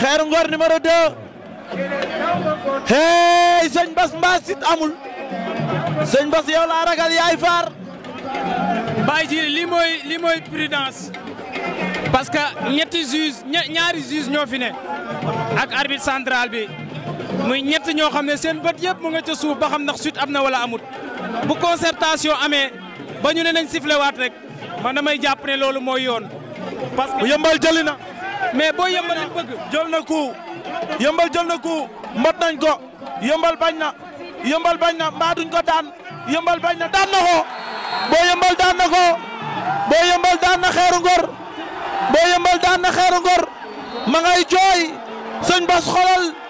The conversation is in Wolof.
Xeeru Ngor numéro 2 hey sëñ Bas mbaa sit amul sëñ Bas yow laa ragal yaay faar bàyyi ji lii mooy lii mooy prudence parce que ñetti juge ñaari juge ñoo fi ne ak arbitre central bi muy ñetti ñoo xam ne seen bët yëpp mu nga suuf ba xam ndax suite am na wala amut bu concertation amee ba ñu ne nañ waat rek man damay jàpp ne loolu mooy yoon parce que yëmbal jëli na mais boo yëmbal li bëgg. na ku yëmbal jël na ku mbot nañ ko yëmbal bañ na yëmbal bañ na mbaa ko daan yëmbal bañ na daan na ko boo yëmbal daan na xeeru ngor boo yëmbal daan na xeeru ngor ma ngay jooy Bas xolal.